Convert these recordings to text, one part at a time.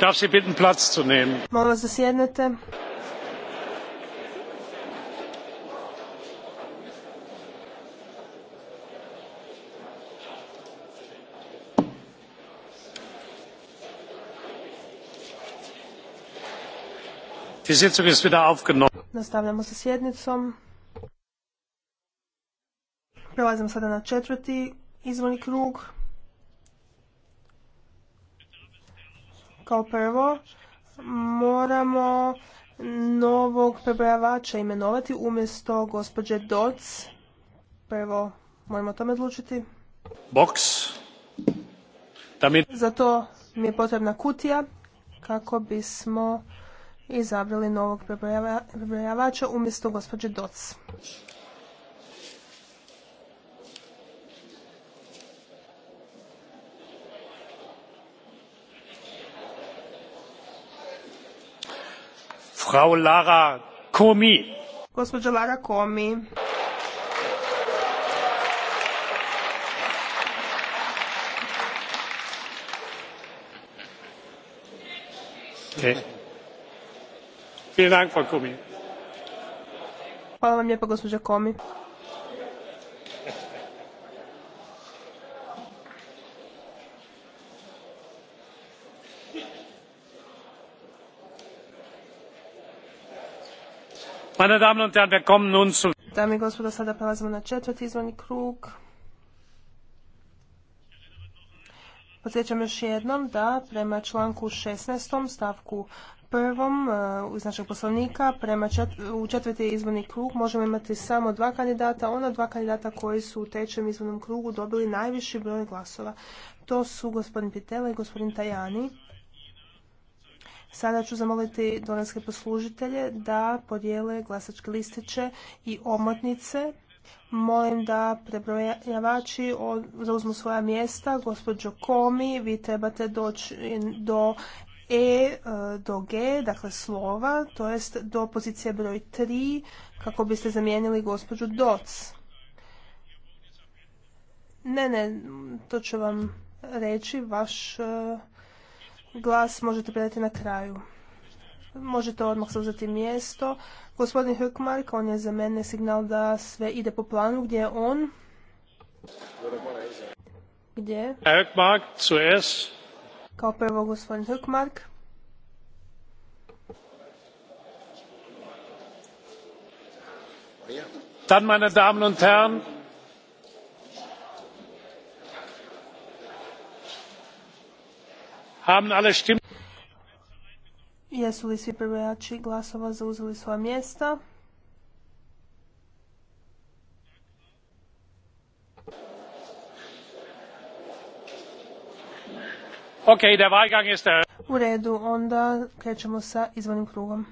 Darf Sie bitten, Platz vas Nastavljamo sa sjednicom. Prelazimo sada na četvrti izvorni krug. Kao prvo, moramo novog prebrojavača imenovati umjesto gospođe Doc. Prvo, moramo o tome odlučiti. Box. Zato mi je potrebna kutija kako bismo izabrali novog prebrojavača umjesto gospođe Doc. Frau Lara Komi. Gospođa Lara Komi. Eh. Okay. Hvala vam lijepa gospođa Komi. Dame i gospodo, sada prelazimo na četvrti izvorni krug. Podsjećam još jednom da prema članku 16. stavku prvom eh, iz našeg poslovnika prema u četvrti izborni krug možemo imati samo dva kandidata, ona dva kandidata koji su u trećem izbornom krugu dobili najviši broj glasova. To su gospodin Pitela i gospodin Tajani. Sada ću zamoliti donanske poslužitelje da podijele glasačke listiće i omotnice. Molim da prebrojavači zauzmu svoja mjesta. Gospođo Komi, vi trebate doći do e, e do G, dakle slova, to jest do pozicije broj 3, kako biste zamijenili gospođu Doc. Ne, ne, to ću vam reći, vaš e, Glas možete predati na kraju. Možete odmah uzeti mjesto. Gospodin Hökmark, on je za mene signal da sve ide po planu. Gdje je on? Gdje? Hökmark, zuerst. Kao prvo gospodin Hökmark. Dann, meine Damen und Herren, haben Jesu li svi prvojači glasova zauzeli svoja mjesta? der U redu, onda krećemo sa izvornim krugom.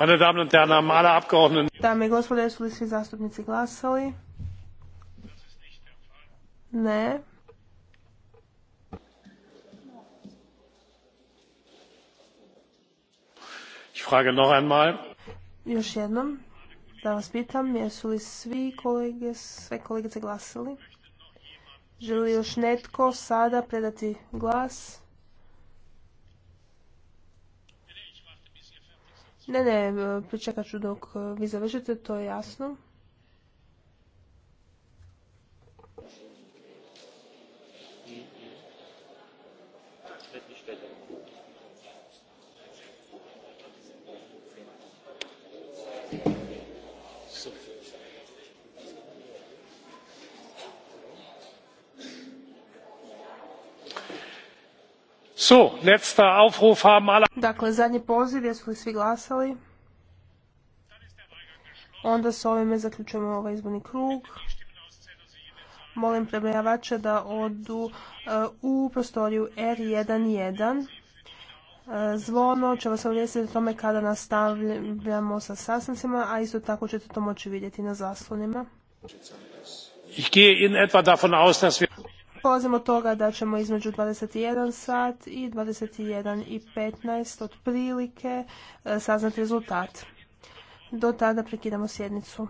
Dame i gospodo, jesu li svi zastupnici glasali? Ne. Još jednom, da vas pitam, jesu li svi kolege, sve kolegice glasali? Želi još netko sada predati glas? Ne, ne, e, pričekat ću dok e, vi završite, to je jasno. So, letzter Dakle, zadnji poziv, jesu li svi glasali? Onda s ovime zaključujemo ovaj izborni krug. Molim prebrojavače da odu eh, u prostoriju R11. Eh, zvono će vas obavijestiti o tome kada nastavljamo sa sastancima, a isto tako ćete to moći vidjeti na zaslonima. Ich gehe in etwa davon aus, dass wir Polazimo od toga da ćemo između 21 sat i 21 i 15 otprilike e, saznati rezultat. Do tada prekidamo sjednicu.